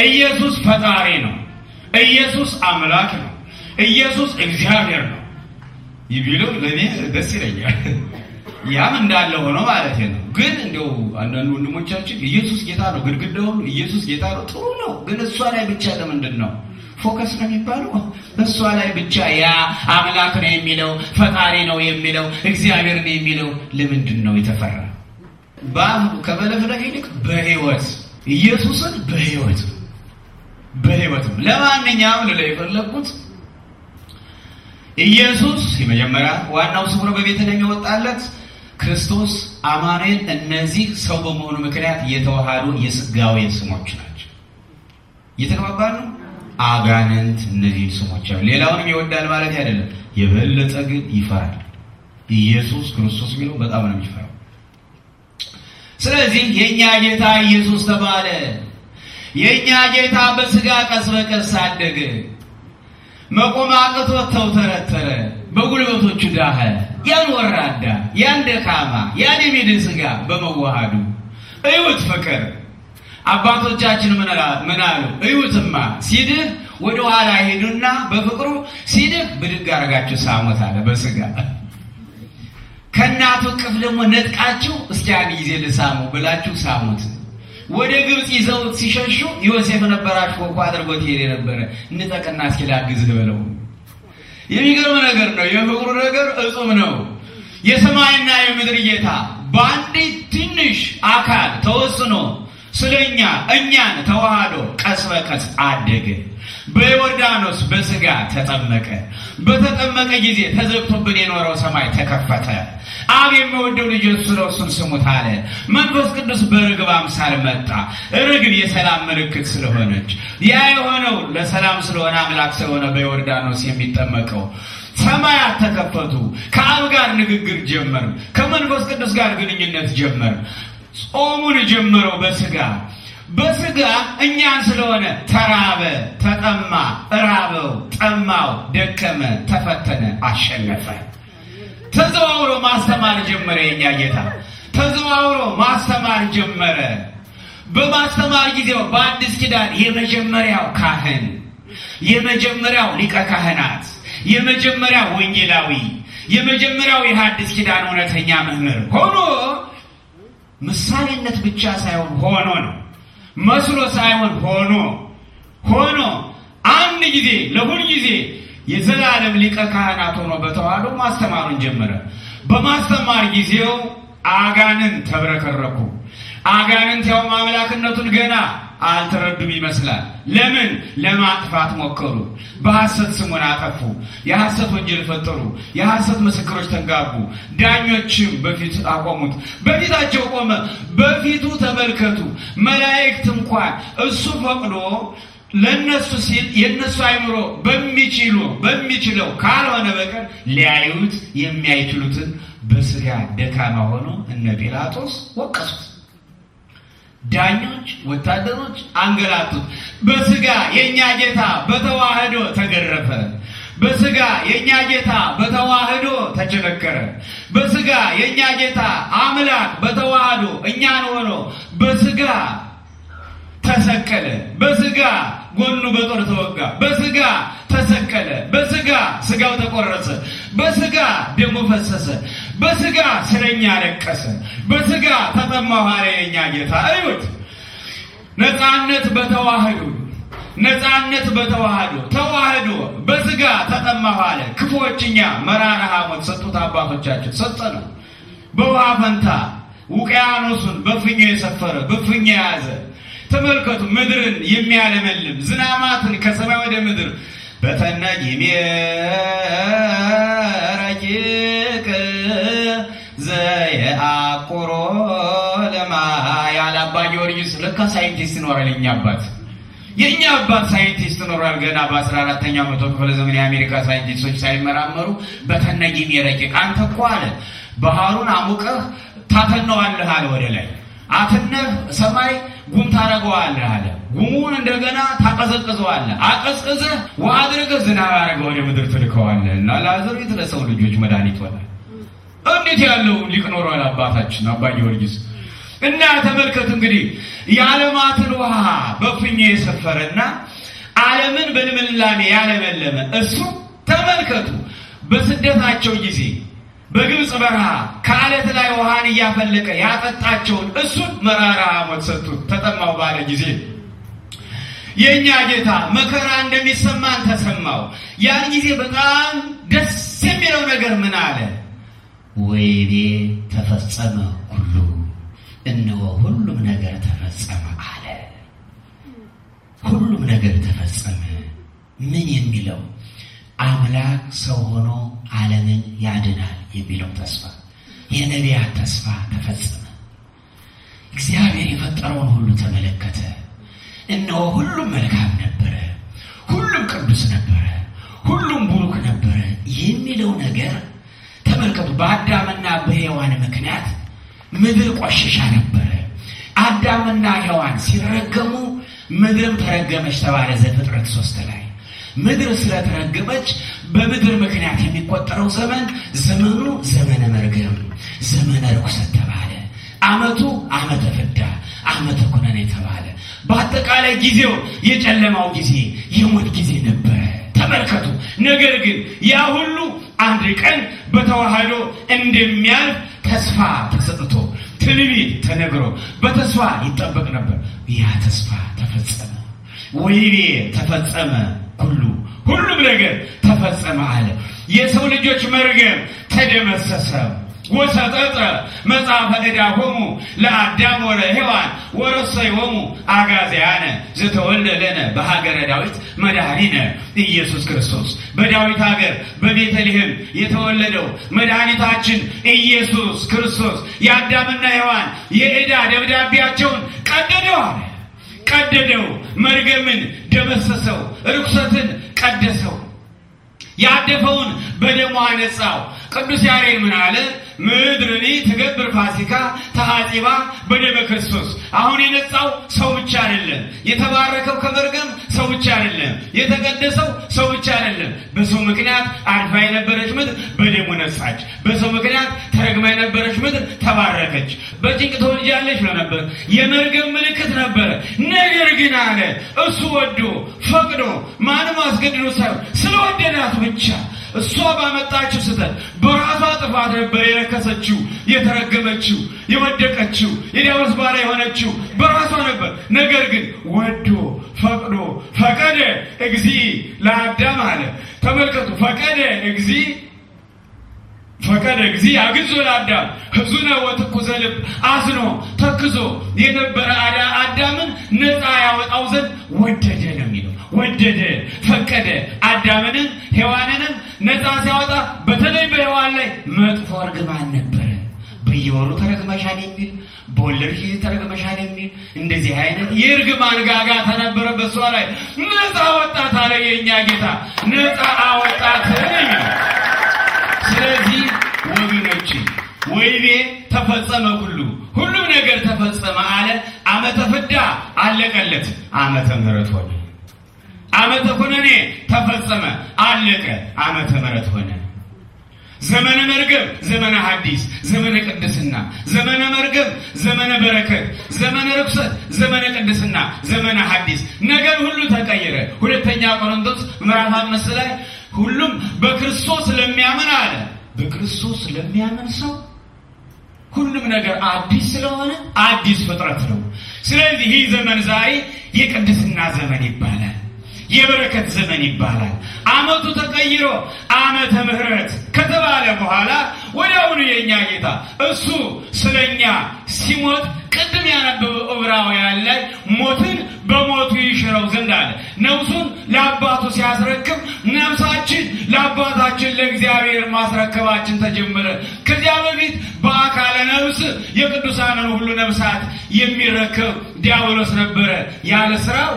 ኢየሱስ ፈጣሪ ነው፣ ኢየሱስ አምላክ ነው ኢየሱስ እግዚአብሔር ነው ይቢሉ ለእኔ ደስ ይለኛል። ያም እንዳለ ሆኖ ማለት ነው። ግን እንደው አንዳንድ ወንድሞቻችን ኢየሱስ ጌታ ነው፣ ግድግዳ ሁሉ ኢየሱስ ጌታ ነው፣ ጥሩ ነው። ግን እሷ ላይ ብቻ ለምንድን ነው ፎከስ ነው የሚባለው? እሷ ላይ ብቻ ያ አምላክ ነው የሚለው ፈጣሪ ነው የሚለው እግዚአብሔር ነው የሚለው ለምንድን ነው የተፈራ? በአፍ ከመለፍለፍ ይልቅ በህይወት ኢየሱስን በህይወት በህይወትም ለማንኛውም ልለ የፈለግኩት ኢየሱስ የመጀመሪያ ዋናው ስፍራ በቤተልሔም የወጣለት ክርስቶስ አማኑኤል። እነዚህ ሰው በመሆኑ ምክንያት የተዋሃዱ የስጋዊ ስሞች ናቸው። እየተግባባን አጋንንት እነዚህ ስሞች አሉ። ሌላውንም ይወዳል ማለት አይደለም። የበለጠ ግን ይፈራል። ኢየሱስ ክርስቶስ የሚለው በጣም ነው የሚፈራው። ስለዚህ የእኛ ጌታ ኢየሱስ ተባለ። የእኛ ጌታ በስጋ ቀስ በቀስ አደገ። መቆም አቅቶት ተውተረተረ በጉልበቶቹ ዳኸ። ያን ወራዳ፣ ያን ደካማ፣ ያን የሚድን ስጋ በመዋሃዱ እዩት ፍቅር። አባቶቻችን ምን አሉ? እዩትማ ሲድህ ወደ ኋላ ሄዱና በፍቅሩ ሲድህ ብድግ አድርጋችሁ ሳሞት አለ በስጋ ከእናቱ ቅፍ ደግሞ ነጥቃችሁ እስኪ ያን ጊዜ ልሳሙ ብላችሁ ሳሙት። ወደ ግብፅ ይዘውት ሲሸሹ ዮሴፍ ነበር አቅፎ አድርጎት ይሄድ የነበረ እንጠቅና እስኪ ላግዝህ በለው። የሚገርም ነገር ነው። የፍቅሩ ነገር እጹም ነው። የሰማይና የምድር ጌታ በአንዲት ትንሽ አካል ተወስኖ ስለኛ እኛን ተዋህዶ ቀስ በቀስ አደገ። በዮርዳኖስ በስጋ ተጠመቀ። በተጠመቀ ጊዜ ተዘግቶብን የኖረው ሰማይ ተከፈተ። አብ የሚወደው ልጅ እሱ ነው፣ እሱን ስሙት አለ። መንፈስ ቅዱስ በርግብ አምሳል መጣ። ርግብ የሰላም ምልክት ስለሆነች ያ የሆነው ለሰላም ስለሆነ አምላክ ስለሆነ በዮርዳኖስ የሚጠመቀው ሰማያት ተከፈቱ። ከአብ ጋር ንግግር ጀመር። ከመንፈስ ቅዱስ ጋር ግንኙነት ጀመር። ጾሙን ጀመረው በስጋ በስጋ እኛን ስለሆነ ተራበ፣ ተጠማ፣ ራበው፣ ጠማው፣ ደከመ፣ ተፈተነ፣ አሸነፈ። ተዘዋውሮ ማስተማር ጀመረ። የኛ ጌታ ተዘዋውሮ ማስተማር ጀመረ። በማስተማር ጊዜው በአዲስ ኪዳን የመጀመሪያው ካህን፣ የመጀመሪያው ሊቀ ካህናት፣ የመጀመሪያው ወንጌላዊ፣ የመጀመሪያው የሐዲስ ኪዳን እውነተኛ መምህር ሆኖ ምሳሌነት ብቻ ሳይሆን ሆኖ ነው መስሎ ሳይሆን ሆኖ ሆኖ አንድ ጊዜ ለሁል ጊዜ የዘላለም ሊቀ ካህናት ሆኖ በተዋህዶ ማስተማሩን ጀመረ። በማስተማር ጊዜው አጋንንት ተብረከረኩ። አጋንንት ያው አምላክነቱን ገና አልተረዱም ይመስላል። ለምን ለማጥፋት ሞከሩ? በሐሰት ስሙን አጠፉ። የሐሰት ወንጀል ፈጠሩ። የሐሰት ምስክሮች ተንጋቡ። ዳኞችም በፊት አቆሙት። በፊታቸው ቆመ። በፊቱ ተመልከቱ። መላእክት እንኳን እሱ ፈቅዶ ለነሱ ሲል የነሱ አይምሮ በሚችሉ በሚችለው ካልሆነ በቀር ሊያዩት የሚያይችሉትን በስጋ ደካማ ሆኖ እነ ጲላጦስ ወቀሱት። ዳኞች፣ ወታደሮች አንገላቱት። በስጋ የእኛ ጌታ በተዋህዶ ተገረፈ። በስጋ የእኛ ጌታ በተዋህዶ ተቸነከረ። በስጋ የእኛ ጌታ አምላክ በተዋህዶ እኛን ሆኖ በስጋ ተሰቀለ። በስጋ ጎኑ በጦር ተወጋ። በስጋ ተሰቀለ። በስጋ ስጋው ተቆረሰ። በስጋ ደሙ ፈሰሰ። በስጋ ስለኛ ለቀሰ፣ በስጋ ተጠማው ሐዋርያ ጌታ እዩት። ነፃነት በተዋህዶ ነፃነት በተዋህዶ ተዋህዶ በስጋ ተጠማ ኋለ ክፎችኛ መራራ ሐሞት ሰጡት አባቶቻችን ሰጠነ። በውሃ ፈንታ ውቅያኖሱን በፍኛ የሰፈረ በፍኛ የያዘ ተመልከቱ። ምድርን የሚያለመልም ዝናማትን ከሰማይ ወደ ምድር በተነ ጊሜ ያለ አባ ጊዮርጊስ ለካ ሳይንቲስት ይኖራል። የኛ አባት የእኛ አባት ሳይንቲስት ይኖራል። ገና በአስራ አራተኛው መቶ ክፍለ ዘመን የአሜሪካ ሳይንቲስቶች ሳይመራመሩ በተነጊም የረቂቅ አንተ እኮ አለ ባህሩን አሙቀህ ታተነዋለህ አለ ወደ ላይ አትነህ ሰማይ ጉም ታረገዋለህ አለ። ጉሙን እንደገና ታቀዘቅዘዋለህ። አቀዝቅዘህ ውሃ አድርገህ ዝናብ ያደረገ ወደ ምድር ትልከዋለህ እና ለአዘሪት ለሰው ልጆች መድኃኒት እንዴት ያለው ሊቅ ኖሯል አባታችን አባ ጊዮርጊስ እና ተመልከቱ እንግዲህ የዓለማትን ውሃ በፍኝ የሰፈረና ዓለምን በልምላሜ ያለመለመ እሱ ተመልከቱ በስደታቸው ጊዜ በግብፅ በረሃ ከአለት ላይ ውሃን እያፈለቀ ያጠጣቸውን እሱን መራራ ሐሞት ሰጡት። ተጠማው ባለ ጊዜ የእኛ ጌታ መከራ እንደሚሰማን ተሰማው። ያን ጊዜ በጣም ደስ የሚለው ነገር ምን አለ? ወይኔ ተፈጸመ ሁሉ እነሆ ሁሉም ነገር ተፈጸመ አለ። ሁሉም ነገር ተፈጸመ። ምን የሚለው አምላክ ሰው ሆኖ ዓለምን ያድናል የሚለው ተስፋ የነቢያት ተስፋ ተፈጸመ። እግዚአብሔር የፈጠረውን ሁሉ ተመለከተ። እነሆ ሁሉም መልካም ነበረ፣ ሁሉም ቅዱስ ነበረ፣ ሁሉም ቡሩክ ነበረ የሚለው ነገር ተመልከቱ። በአዳምና በሔዋን ምክንያት ምድር ቆሸሻ ነበረ። አዳምና ሔዋን ሲረገሙ ምድርም ተረገመች ተባለ ዘፍጥረት ሶስት ላይ ምድር ስለተረገመች በምድር ምክንያት የሚቆጠረው ዘመን ዘመኑ ዘመነ መርገም ዘመነ ርኩሰት ተባለ። ዓመቱ ዓመተ ፍዳ ዓመተ ኩነኔ የተባለ በአጠቃላይ ጊዜው የጨለማው ጊዜ የሞት ጊዜ ነበረ። ተመልከቱ። ነገር ግን ያ ሁሉ አንድ ቀን በተዋህዶ እንደሚያልፍ ተስፋ ተሰጥቶ ትንቢት ተነግሮ በተስፋ ይጠበቅ ነበር። ያ ተስፋ ተፈጸመ፣ ወይቤ ተፈጸመ፣ ሁሉ ሁሉም ነገር ተፈጸመ አለ። የሰው ልጆች መርገም ተደመሰሰ። ወሰጠጠ መጽሐፈ ዕዳ ሆሙ ለአዳም ወለ ሔዋን ወረሰዮሙ አጋዘያነ ዝተወለደነ በሀገረ ዳዊት መድኃኒነ ኢየሱስ ክርስቶስ በዳዊት ሀገር በቤተልሔም የተወለደው መድኃኒታችን ኢየሱስ ክርስቶስ የአዳምና ሔዋን የዕዳ ደብዳቤያቸውን ቀደደዋል። ቀደደው፣ መርገምን ደመሰሰው፣ ርኩሰትን ቀደሰው፣ ያደፈውን በደሞ አነጻው። ቅዱስ ያሬድ ምን አለ? ምድርኒ ትገብር ፋሲካ ተሃጢባ በደመ ክርስቶስ። አሁን የነጻው ሰው ብቻ አይደለም። የተባረከው ከመርገም ሰው ብቻ አይደለም። የተቀደሰው ሰው ብቻ አይደለም። በሰው ምክንያት አርፋ የነበረች ምድር በደሙ ነጻች። በሰው ምክንያት ተረግማ የነበረች ምድር ተባረከች። በጭንቅ ትወልጃለሽ ነበር። የመርገም ምልክት ነበር። ነገር ግን አለ እሱ ወዶ ፈቅዶ ማንም አስገድዶ ሳይሆን ስለወደዳት ብቻ እሷ ባመጣችው ስህተት በራሷ ጥፋት ነበር የረከሰችው፣ የተረገመችው፣ የወደቀችው፣ የዲያብሎስ ባሪያ የሆነችው በራሷ ነበር። ነገር ግን ወዶ ፈቅዶ ፈቀደ እግዚ ለአዳም አለ። ተመልከቱ፣ ፈቀደ እግዚ ፈቀደ እግዚ አግዞ ለአዳም ህዙነ ወትኩዘ ልብ አዝኖ ተክዞ የነበረ አዳምን ነፃ ያወጣው ዘንድ ወደደለም ወደደ፣ ፈቀደ። አዳምንም ሔዋንንም ነፃ ሲያወጣ በተለይ በሔዋን ላይ መጥፎ እርግማን ነበረ። በየወሩ ተረግመሻል የሚል በወለድሽ ተረግመሻል የሚል እንደዚህ አይነት የእርግማን ጋጋታ ተነበረ በእሷ ላይ። ነፃ ወጣት አለ የእኛ ጌታ፣ ነፃ አወጣት። ስለዚህ ወገኖች ወይቤ ተፈጸመ ሁሉ ሁሉ ነገር ተፈጸመ አለ። ዓመተ ፍዳ አለቀለት፣ ዓመተ ምሕረት ሆነ። ዓመተ ኩነኔ ተፈጸመ፣ አለቀ። ዓመተ ምሕረት ሆነ። ዘመነ መርገም፣ ዘመነ ሐዲስ፣ ዘመነ ቅድስና፣ ዘመነ መርገም፣ ዘመነ በረከት፣ ዘመነ ርኩሰት፣ ዘመነ ቅድስና፣ ዘመነ ሐዲስ። ነገር ሁሉ ተቀየረ። ሁለተኛ ቆሮንቶስ ምዕራፍ አምስት ላይ ሁሉም በክርስቶስ ለሚያምን አለ። በክርስቶስ ለሚያምን ሰው ሁሉም ነገር አዲስ ስለሆነ አዲስ ፍጥረት ነው። ስለዚህ ይህ ዘመን ዛሬ የቅድስና ዘመን ይባላል። የበረከት ዘመን ይባላል። አመቱ ተቀይሮ አመተ ምህረት ከተባለ በኋላ ወዲያውኑ የእኛ ጌታ እሱ ስለኛ ሲሞት ቅድም ያነበበ ዕብራውያን ላይ ሞትን በሞቱ ይሽረው ዘንድ አለ። ነፍሱን ለአባቱ ሲያስረክብ ነፍሳችን ለአባታችን ለእግዚአብሔር ማስረከባችን ተጀመረ። ከዚያ በፊት በአካለ ነፍስ የቅዱሳንን ሁሉ ነፍሳት የሚረከብ ዲያብሎስ ነበረ ያለ ስራው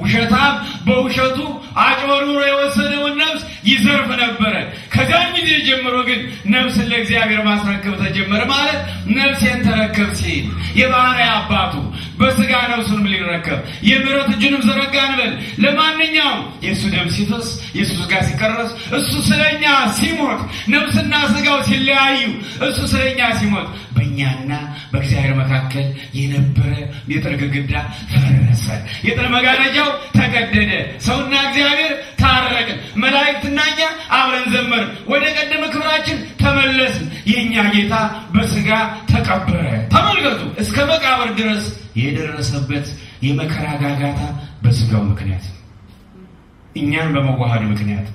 ውሸታም በውሸቱ አጭበርብሮ የወሰደውን ነፍስ ይዘርፍ ነበረ። ከዚያን ጊዜ ጀምሮ ግን ነፍስን ለእግዚአብሔር ማስረከብ ተጀመረ። ማለት ነፍሴን ተረከብ ሲል የባህርይ አባቱ በስጋ ነፍሱንም ሊረከብ የምሕረት እጁንም ዘረጋ እንበል። ለማንኛውም የእሱ ደም ሲፈስ፣ የእሱ ስጋ ሲቀረስ፣ እሱ ስለኛ ሲሞት፣ ነፍስና ስጋው ሲለያዩ፣ እሱ ስለኛ ሲሞት በእኛና በእግዚአብሔር መካከል የነበረ የጥል ግድግዳ ፈረሰ። የጥል መጋረጃው ተቀደደ። ሰውና እግዚአብሔር ታረቅን። መላእክትና እኛ አብረን ዘመርን። ወደ ቀደመ ክብራችን ተመለስን። የእኛ ጌታ በስጋ ተቀበረ። ተመልከቱ፣ እስከ መቃብር ድረስ የደረሰበት የመከራ ጋጋታ በስጋው ምክንያት እኛን በመዋሃድ ምክንያት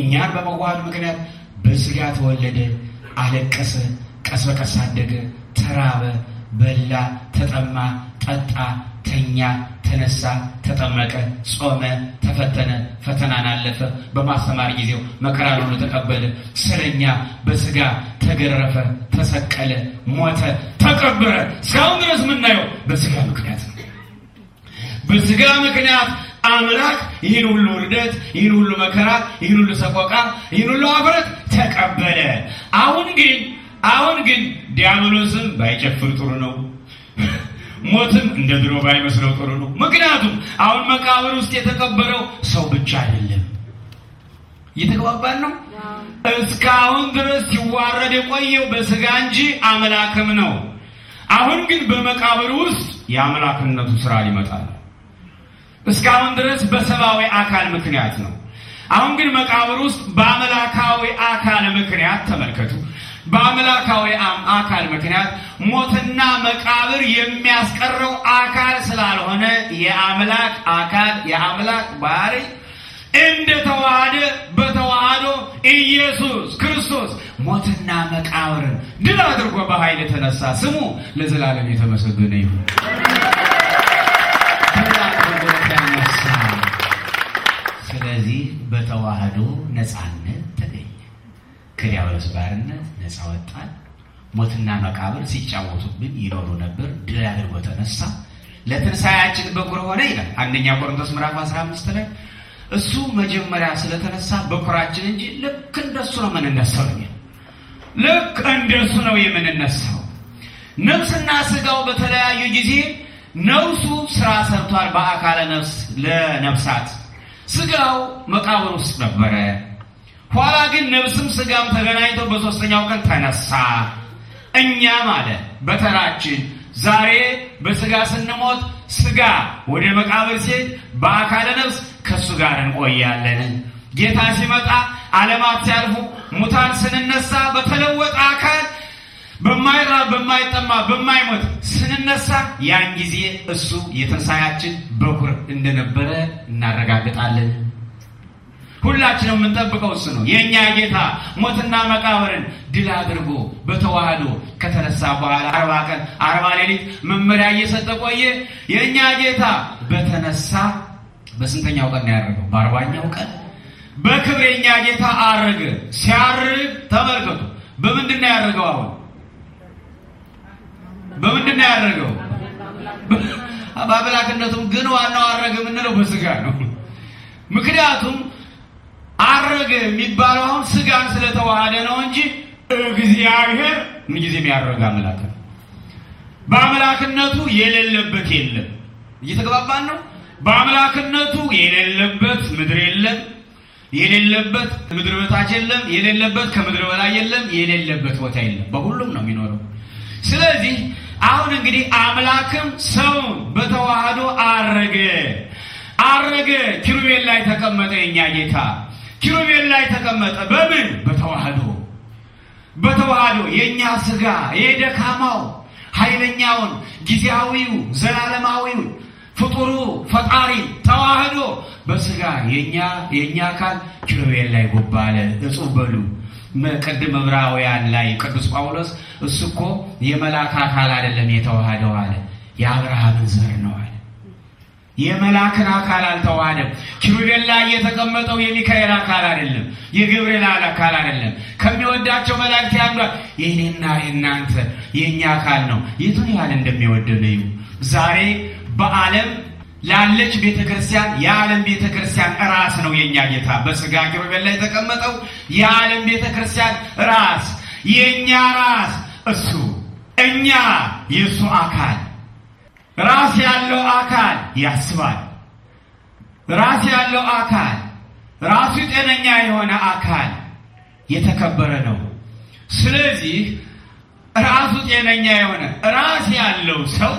እኛን በመዋሃድ ምክንያት በስጋ ተወለደ፣ አለቀሰ ቀስ በቀስ አደገ፣ ተራበ፣ በላ፣ ተጠማ፣ ጠጣ፣ ተኛ፣ ተነሳ፣ ተጠመቀ፣ ጾመ፣ ተፈተነ፣ ፈተናን አለፈ። በማስተማር ጊዜው መከራ ሁሉ ተቀበለ። ስለኛ በስጋ ተገረፈ፣ ተሰቀለ፣ ሞተ፣ ተቀበረ። እስካሁን ድረስ የምናየው በስጋ ምክንያት ነው። በስጋ ምክንያት አምላክ ይህን ሁሉ ውርደት፣ ይህን ሁሉ መከራ፣ ይህን ሁሉ ሰቆቃ፣ ይህን ሁሉ አፍረት ተቀበለ። አሁን ግን አሁን ግን ዲያብሎስም ባይጨፍር ጥሩ ነው፣ ሞትም እንደ ድሮ ባይመስለው ጥሩ ነው። ምክንያቱም አሁን መቃብር ውስጥ የተቀበረው ሰው ብቻ አይደለም። እየተግባባን ነው። እስካሁን ድረስ ሲዋረድ የቆየው በስጋ እንጂ አምላክም ነው። አሁን ግን በመቃብር ውስጥ የአምላክነቱ ስራ ሊመጣ ነው። እስካሁን ድረስ በሰብአዊ አካል ምክንያት ነው። አሁን ግን መቃብር ውስጥ በአምላካዊ አካል ምክንያት ተመልከቱ በአምላካዊ አካል ምክንያት ሞትና መቃብር የሚያስቀረው አካል ስላልሆነ የአምላክ አካል የአምላክ ባህሪ እንደ ተዋሃደ በተዋህዶ ኢየሱስ ክርስቶስ ሞትና መቃብር ድል አድርጎ በኃይል የተነሳ ስሙ ለዘላለም የተመሰገነ ይሁን። ስለዚህ በተዋህዶ ነፃነት ከዲያብሎስ ባርነት ነፃ ወጣን። ሞትና መቃብር ሲጫወቱብን ይኖሩ ነበር፣ ድል አድርጎ ተነሳ፣ ለትንሣኤያችን በኩር ሆነ ይላል አንደኛ ቆሮንቶስ ምዕራፍ 15 ላይ እሱ መጀመሪያ ስለተነሳ በኩራችን እንጂ ልክ እንደሱ ነው የምንነሳው። ልክ እንደሱ ነው የምንነሳው። ነፍስና ስጋው በተለያዩ ጊዜ ነፍሱ ስራ ሰርቷል፣ በአካለ ነፍስ ለነፍሳት ስጋው መቃብር ውስጥ ነበረ። ኋላ ግን ነብስም ስጋም ተገናኝተው በሶስተኛው ቀን ተነሳ። እኛም አለ በተራችን ዛሬ በስጋ ስንሞት ስጋ ወደ መቃብር ሲሄድ በአካለ ነፍስ ከእሱ ጋር እንቆያለን። ጌታ ሲመጣ ዓለማት ሲያልፉ ሙታን ስንነሳ በተለወጠ አካል በማይራብ በማይጠማ በማይሞት ስንነሳ ያን ጊዜ እሱ የትንሣኤያችን በኩር እንደነበረ እናረጋግጣለን። ሁላችንም የምንጠብቀው እሱ ነው። የእኛ ጌታ ሞትና መቃብርን ድል አድርጎ በተዋህዶ ከተነሳ በኋላ አርባ ቀን አርባ ሌሊት መመሪያ እየሰጠ ቆየ። የእኛ ጌታ በተነሳ በስንተኛው ቀን ነው ያደረገው? በአርባኛው ቀን በክብር የእኛ ጌታ አረገ። ሲያርግ ተመልከቱ፣ በምንድን ነው ያደረገው? አሁን በምንድን ነው ያደረገው? በአምላክነቱም ግን ዋናው አረገ የምንለው በስጋ ነው። ምክንያቱም አረገ የሚባለው አሁን ስጋን ስለተዋሃደ ነው እንጂ እግዚአብሔር ምንጊዜም ያረገ አምላክ ነው። በአምላክነቱ የሌለበት የለም። እየተግባባን ነው። በአምላክነቱ የሌለበት ምድር የለም። የሌለበት ምድር በታች የለም። የሌለበት ከምድር በላይ የለም። የሌለበት ቦታ የለም። በሁሉም ነው የሚኖረው። ስለዚህ አሁን እንግዲህ አምላክም ሰውን በተዋህዶ አረገ አረገ ኪሩቤል ላይ ተቀመጠ የኛ ጌታ ኪሩቤል ላይ ተቀመጠ። በምን በተዋህዶ በተዋህዶ የእኛ ስጋ የደካማው ኃይለኛውን ጊዜያዊው ዘላለማዊው ፍጡሩ ፈጣሪ ተዋህዶ በስጋ የኛ የኛ አካል ኪሩቤል ላይ ጎባለ። እጹብ በሉ ቅድም ዕብራውያን ላይ ቅዱስ ጳውሎስ እሱ እኮ የመላክ አካል አይደለም የተዋህደው አለ፣ የአብርሃምን ዘር ነው አለ። የመላክን አካል አልተዋሃደም። ኪሩቤል ላይ የተቀመጠው የሚካኤል አካል አይደለም፣ የገብርኤል አካል አይደለም። ከሚወዳቸው መላእክት አንዷ የእኔና የእናንተ የእኛ አካል ነው። የቱን ያህል እንደሚወደን እዩ። ዛሬ በዓለም ላለች ቤተ ክርስቲያን የዓለም ቤተ ክርስቲያን ራስ ነው የእኛ ጌታ። በስጋ ኪሩቤል ላይ የተቀመጠው የዓለም ቤተ ክርስቲያን ራስ፣ የእኛ ራስ እሱ፣ እኛ የእሱ አካል ራስ ያለው አ ያስባል። ራስ ያለው አካል ራሱ ጤነኛ የሆነ አካል የተከበረ ነው። ስለዚህ ራሱ ጤነኛ የሆነ ራስ ያለው ሰው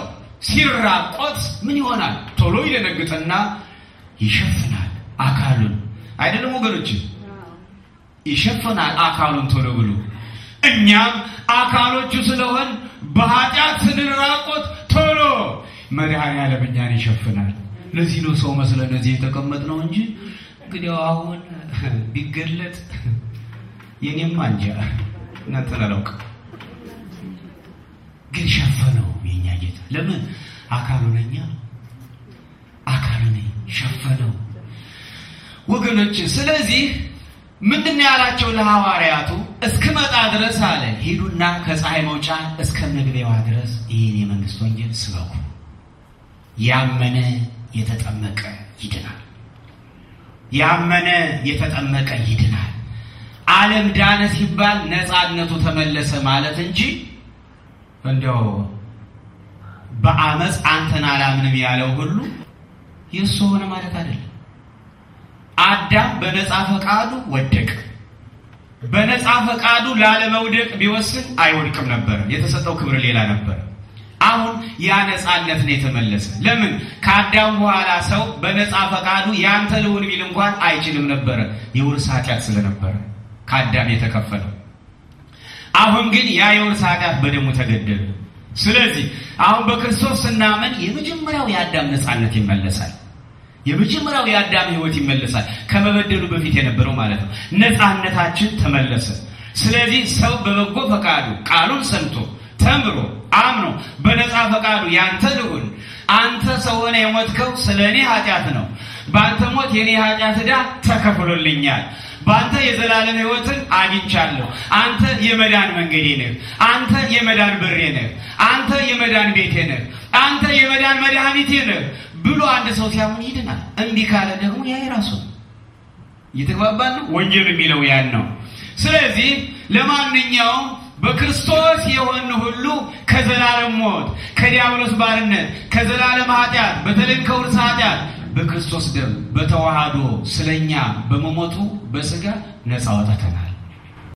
ሲራቆት ምን ይሆናል? ቶሎ ይደነግጥና ይሸፍናል አካሉን። አይደለም ወገኖች? ይሸፍናል አካሉን ቶሎ ብሎ። እኛም አካሎቹ ስለሆን በኃጢአት ስንራቆት ቶሎ መድኃኔዓለም እኛን ይሸፍናል። ለዚህ ነው ሰው መስለን እዚህ ነው እንጂ እንግዲያው አሁን ቢገለጥ የኔም አንጃ እናጠላለውቅ ግን ሸፈነው የኛ ጌታ። ለምን አካሉ ነኛ አካሉ ነኝ ሸፈነው ወገኖች። ስለዚህ ምንድን ያላቸው ለሐዋርያቱ እስክመጣ ድረስ አለ ሄዱና ከፀሐይ መውጫ እስከ መግቢያዋ ድረስ ይህን የመንግስት ወንጌል ስበኩ። ያመነ የተጠመቀ ይድናል። ያመነ የተጠመቀ ይድናል። ዓለም ዳነ ሲባል ነፃነቱ ተመለሰ ማለት እንጂ እንዲያው በአመፅ አንተን አላምንም ያለው ሁሉ የእሱ ሆነ ማለት አይደለም። አዳም በነፃ ፈቃዱ ወደቅ። በነፃ ፈቃዱ ላለመውደቅ ቢወስን አይወድቅም ነበር። የተሰጠው ክብር ሌላ ነበር። ያ ነፃነት ነው የተመለሰ። ለምን ከአዳም በኋላ ሰው በነፃ ፈቃዱ ያንተ ልሁን ቢል እንኳን አይችልም ነበረ፣ የውርስ ኃጢአት ስለነበረ ከአዳም የተከፈለው። አሁን ግን ያ የውርስ ኃጢአት በደሙ ተገደለ። ስለዚህ አሁን በክርስቶስ ስናመን የመጀመሪያው የአዳም ነፃነት ይመለሳል። የመጀመሪያው የአዳም ህይወት ይመለሳል። ከመበደሉ በፊት የነበረው ማለት ነው። ነፃነታችን ተመለሰ። ስለዚህ ሰው በበጎ ፈቃዱ ቃሉን ሰምቶ ተምሮ አምኖ በነፃ ፈቃዱ ያንተ ልሁን። አንተ ሰውን የሞትከው ስለ እኔ ኃጢአት ነው። በአንተ ሞት የኔ ኃጢአት ዕዳ ተከፍሎልኛል። በአንተ የዘላለም ሕይወትን አግኝቻለሁ። አንተ የመዳን መንገዴ ነህ። አንተ የመዳን ብሬ ነህ። አንተ የመዳን ቤቴ ነህ። አንተ የመዳን መድኃኒቴ ነህ ብሎ አንድ ሰው ሲያምን ይድናል። እንዲህ ካለ ደግሞ ያ የራሱ እየተግባባን ነው። ወንጀል የሚለው ያን ነው። ስለዚህ ለማንኛውም በክርስቶስ የሆን ሁሉ ከዘላለም ሞት፣ ከዲያብሎስ ባርነት፣ ከዘላለም ኃጢአት በተለይም ከውርስ ኃጢአት በክርስቶስ ደም በተዋህዶ ስለኛ በመሞቱ በስጋ ነፃ ወጣተናል።